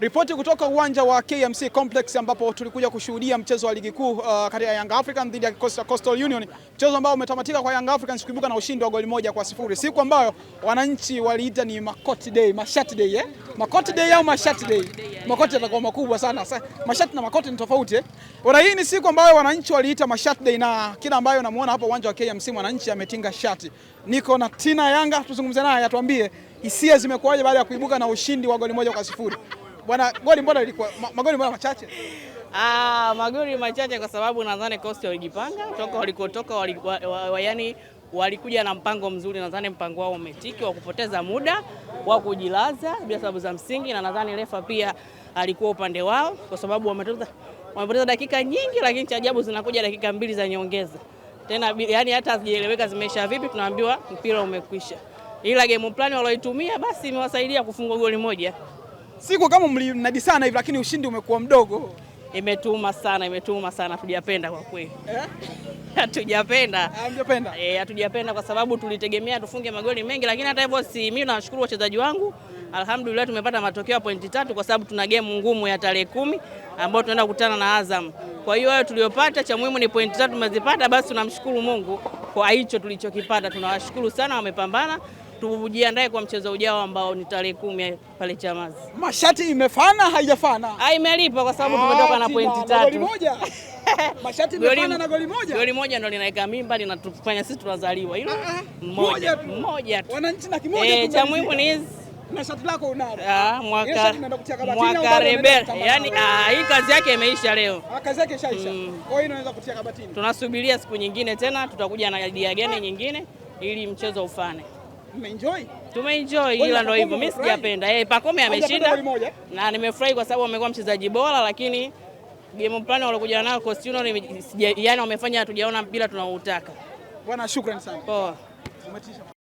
Ripoti kutoka uwanja wa KMC Complex ambapo tulikuja kushuhudia mchezo wa ligi kuu uh, kati ya Young African dhidi ya Coastal Union, mchezo ambao umetamatika kwa Young Africans kuibuka na ushindi wa goli moja kwa sifuri, siku ambayo wananchi waliita ni Makoti Day, Mashati Day, eh? Makoti Day au Mashati Day? Makoti yatakuwa makubwa sana. Sa, mashati na makoti ni tofauti eh? Ora, hii ni siku ambayo wananchi waliita Mashati Day na kila ambayo namuona hapa uwanja wa KMC mwananchi ametinga shati. Niko na Tina Yanga, tuzungumze naye atuambie hisia zimekuwaje baada ya kuibuka na ushindi wa goli moja kwa sifuri. Bwana, goli mbona ilikuwa magoli mbona machache? Ah, magoli machache kwa sababu nadhani Coast walijipanga toka walikotoka wali, wa, wa, wa, yani walikuja na mpango mzuri, nadhani mpango wao umetiki wa kupoteza muda wa kujilaza bila sababu za msingi, na nadhani refa pia alikuwa upande wao kwa sababu wametoza wamepoteza dakika nyingi, lakini cha ajabu zinakuja dakika mbili za nyongeza tena, yani hata hazijaeleweka zimeisha vipi, tunaambiwa mpira umekwisha, ila game plan walioitumia basi imewasaidia kufunga goli moja siku kama mlinadi sana hivi, lakini ushindi umekuwa mdogo. Imetuma sana, imetuma sana, hatujapenda kwa kweli eh? Hatujapenda, ah, hamjapenda eh, hatujapenda kwa sababu tulitegemea tufunge magoli mengi, lakini hata hivyo, si mimi nawashukuru wachezaji wangu Alhamdulillah, tumepata matokeo ya pointi tatu kwa sababu tuna game ngumu ya tarehe kumi ambayo tunaenda kukutana na Azam. Kwa hiyo hayo tuliyopata, cha muhimu ni pointi tatu tumezipata, basi tunamshukuru Mungu kwa hicho tulichokipata. Tunawashukuru sana, wamepambana tujiandae kwa mchezo ujao ambao ni tarehe kumi pale Chamazi. Mashati imefana haijafana? Ah, Imelipa kwa sababu tumetoka na ah, pointi tatu mashati imefana na goli moja. Goli moja ndo linaweka mimba linatufanya sisi tunazaliwa, hilo ah, ah. moja moja tu, wananchi na kimoja tu, eh, cha muhimu ni hizi na shati lako unalo. Ah, mwaka mwaka rebel. Yaani ah, hii kazi yake imeisha leo. Ah, kazi yake ishaisha. Mm. Kwa hiyo inaweza kutia kabatini. Tunasubiria siku nyingine tena tutakuja na idea gani nyingine ili mchezo ufane. Tumeenjoy, ila ndio hivyo, mimi sijapenda. Eh, Pacome ameshinda na nimefurahi kwa sababu amekuwa mchezaji bora, lakini game plan waliokuja nao Costuno, yani wamefanya hatujaona bila tunaoutaka Bwana, shukrani sana. Poa.